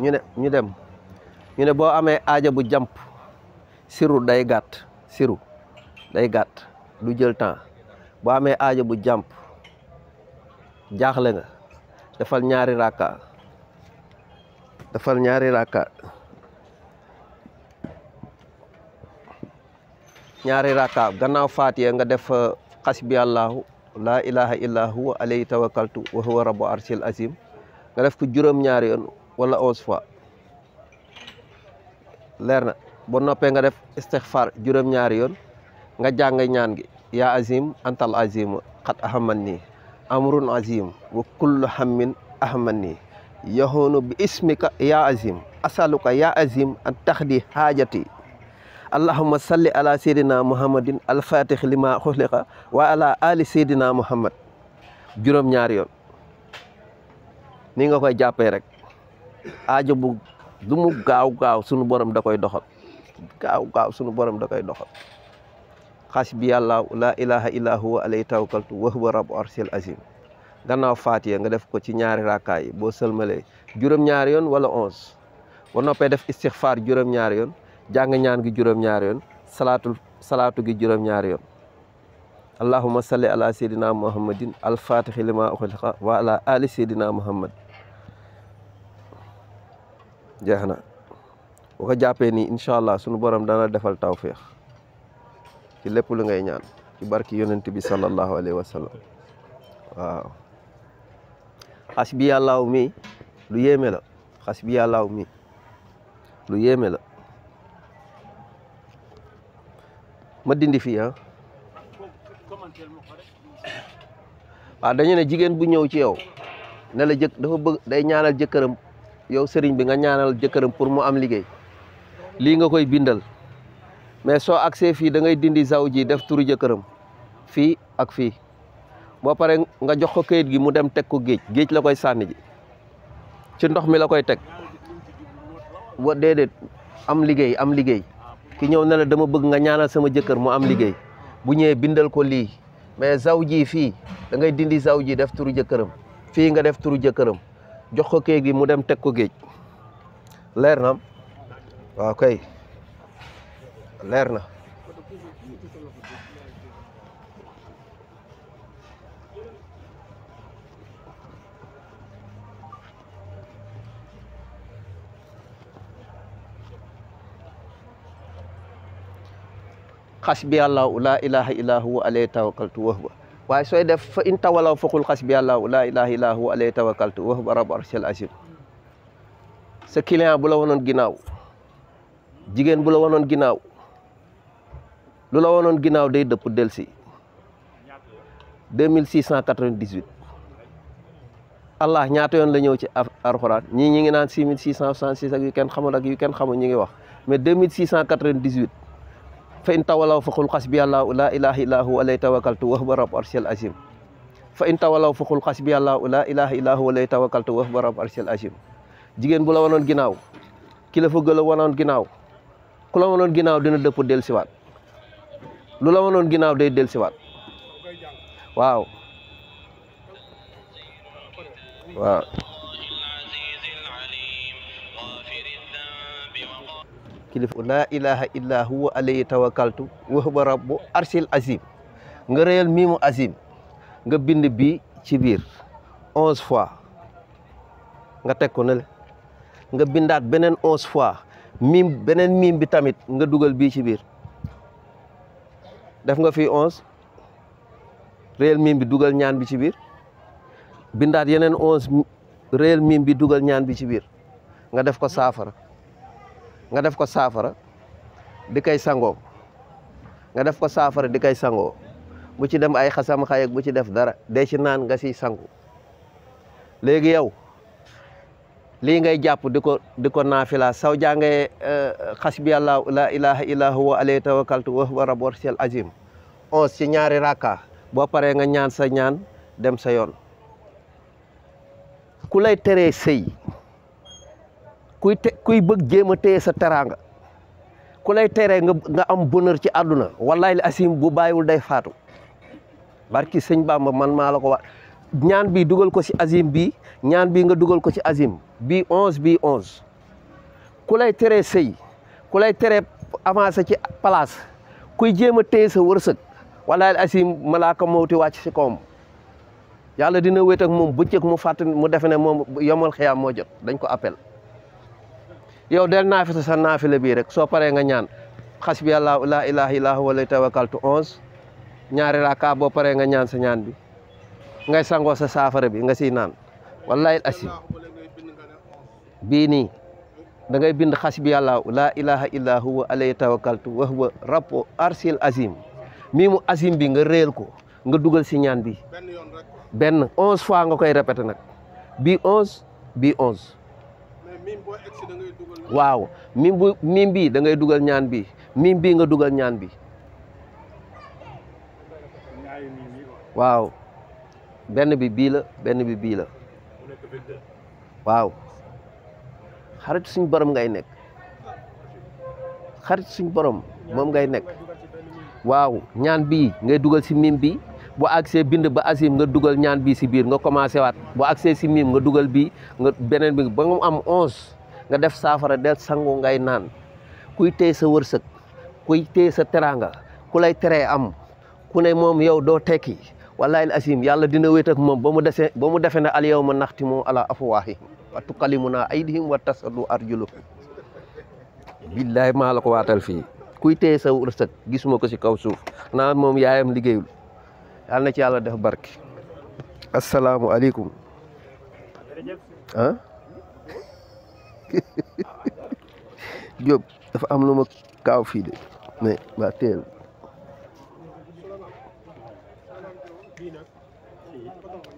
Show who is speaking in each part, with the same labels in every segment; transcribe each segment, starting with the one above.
Speaker 1: ñu ne ñu dem ñu ne bo amé aaja bu jump, siru day siru day gàtt du jël temps bo amé aaja bu jump, jaaxle nga defal ñaari raka, defal ñaari raka ñaari raka gannaaw faatiya nga def xasbi allahu la ilaha illa huwa alayhi tawakkaltu wa huwa rabbul arshil azim nga def ko juroom ñaari yoon wala 11 fois lerna bo noppé nga def istighfar juróom ñaar yoon nga jangay ñaan gi ya azim antal azim qad ahamanni amrun azim wa kullu hammin ahamanni yahunu bi ismika ya azim asaluka ya azim an takhdi hajati allahumma salli ala sayidina muhammadin al-fatih lima khuliqa wa ala ali sayidina muhammad juróom ñaar yoon ni nga koy jappé rek aajo bu Dumu mu gaaw gaaw sunu borom da koy doxal gaaw gaaw sunu borom da koy doxal khasbi allah la ilaha illa huwa alayhi tawakkaltu wa huwa rabbul arsil azim gannaaw faatiya nga def ko ci ñaari rakkay bo selmale sëlmalee ñaar yon wala 11 bo noppee def istighfar juróom ñaar yon jang ñaan gi juróom ñaar yon salatul salatu gi ñaar yon Allahumma salli ala sayidina muhammadin al al-Fatihi lima uxliqa wa ala ali sayidina muhammad jehna bu ko jappé ni inshallah sunu borom dana defal tawfiq ci lepp lu ngay ñaan ci barki yonent bi sallallahu alaihi wa waaw hasbi allah mi lu yéme la hasbi allah mi lu yéme la ma dindi fi ha ah. ba dañu ne jigen bu ñew ci yow ne la jëk dafa bëgg day ñaanal jëkëram yow sëriñ bi nga ñaanal jëkkëram pour mu am liggéey lii nga koy bindal mais soo agsee fii da dindi zaw ji def turu jëkkëram fii ak fii boo paree nga jox ko kayit gi mu dem teg ko géej géej la koy sànni ci ndox mi la koy teg wa déedéet am liggéey am liggéey ki ñëw ne dama bëgg nga ñaanal sama jëkkër mu am liggéey bu ñëwee bindal ko lii mais zaw ji fii dangay dindi zaw ji def turu jëkkëram fii nga def turu jëkkëram jox ko kayit gi mu dem teg ko géej leer na waaw leer na xasbi àllahu laa waaye sooy def fa in tawalaw faqul xasbi allaahu laa ilaaha illaa huwa alayhi tawakkaltu wa huwa rabbul arshil aziim sa client bu la wanoon ginnaaw jigéen bu la wanoon ginnaaw lu la wanoon ginnaaw day dëpp delsi 2698 allah ñaata yoon la ñëw ci alxuraan ñii ñi ngi naan 6666 ak yu kenn xamul ak yu kenn xamul ñi wax mais fa in tawalaw fa qul xasbi allahu la ilaha illa hu alay tawakkaltu wa huwa rabb arshil azim fa in tawalaw fa qul xasbi allahu la ilaha illa hu alay tawakkaltu wa huwa rabb arshil azim jigéen bu la wanoon ginnaaw kilifa gëla wanoon ginnaaw ku la wanoon ginnaaw dina dëpp dellusiwaat lu ginnaaw day dellusiwaat waaw waaw kilifa la ilaha illa huwa alayhi tawakkaltu wa huwa rabbu arsil azim nga réyal miimu azim nga bind bi ci bir 11 fois nga teg ko ne nga bindat benen 11 fois mim benen mim bi tamit nga duggal bi ci bir def nga fi 11 reyal mim bi duggal ñaan bi ci bir bindat yenen 11 reyal mim bi duggal ñaan bi ci bir nga def ko safara nga def ko saafara di koy sangoo nga def ko saafara di kay sangoo bu ci dem ay xasam xay bu ci def dara dee ci naan nga si sangu léegi yow lii ngay jàpp di ko di ko naafila saw jàngee euh, xasbi yàlla la ilaha illa huwa alayhi tawakkaltu wa huwa rabbul azim onze ci ñaari rakka boo paree nga ñaan sa ñaan dem sa yoon ku lay teree sëy kuy te kuy bëgg jéem a téye sa teraanga ku lay tere nga nga am bonheur ci àdduna wallahi li asim bu bàyyiwul day faatu barki sëñ Bamba man maa la ko wax ñaan bii dugal ko si azim bii ñaan bi nga dugal ko ci azim bi onze bii onze ku lay teree sëy ku lay teree avancé ci place kuy jéem a téye sa wërsëg wallahi asim malaaka mawti wàcc si kawam yàlla dina wéet ak moom bëccëg mu fàtt mu defe ne moom yomal xiyaam moo jot dañ ko appel yow del naafila sa le bi rek so pare nga ñaan khasbi allah la ilaha illa huwa la tawakkaltu onze ñaari rakaa bo pare nga ñaan sa ñaan bi ngay sango sa safara bi nga si naan wallahi al asim bi ni da ngay bind khasbi allah la ilaha illa huwa la tawakkaltu wa huwa rabbu arsil azim mi mu azim bi nga reel ko nga duggal si ñaan bi ben 11 fois nga koy répéter nak bi 11 bi 11 waaw mim bu mim bii da ngay dugal ñaan bi mim bii nga dugal ñaan bi waaw benn bi bii la benn bi bii waaw xarit suñ borom ngay nekk xarit suñ borom moom ngay nekk waaw ñaan bii ngay dugal si mim bi bo agsee bind ba asim nga duggal ñaan bi ci bir nga commencé wat bo agsee ci mim nga duggal bi nga benen bi ba nga am 11 nga def safara del sangu ngay naan kuy téy sa wërseuk kuy téy sa teranga ku lay am ku ne mom yow do tekki wallahi asim yalla dina wét ak mom bamu mu bamu défé na al yawma naxtimu ala afwahi wa tukallimuna aydihim wa tasadu arjuluhum billahi maa la ko waatal kuy téy sa wërseuk gisuma ko si kaw suuf yaayam liggéeyul yalna ci yalla def barke asalaamualeykum han job dafa am luma kaw fi de mais waa teel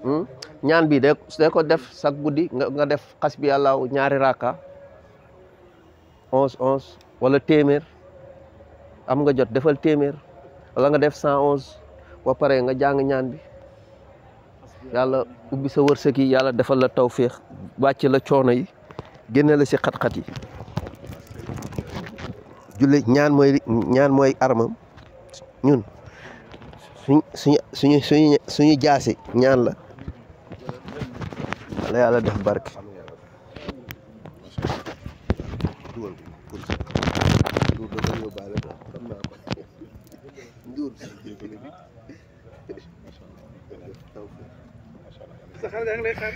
Speaker 1: hmm? ñaan bi de ko def sag gudi nga def khasbi allah ñaari raka 11 11 wala téeméer am nga jot defal wala nga def 111 ba pare nga jàng ñaan bi yàlla ubbi sa wërsëg yi yàlla defal la tawféex wàcc la coono yi génne la si xat-xat yi julli ñaan mooy ñaan mooy armam ñun suñ suñu suñu suñu suñu jaasi ñaan la wala yàlla def barke tidur Sakal yang lekan.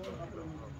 Speaker 1: Thank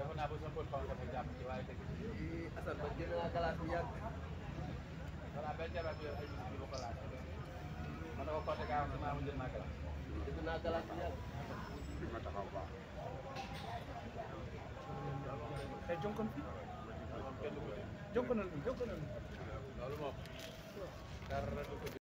Speaker 1: Jangan Abu সম্পদ পাওয়া থাকে আপনি কিভাবে দেখেছি asal bagaimana kalau kalau belajar aku harus di lokal mana kau kata kau sama menjadi itu nakal aku ya mata kau pak eh jongkon jongkon jongkon lalu mau karena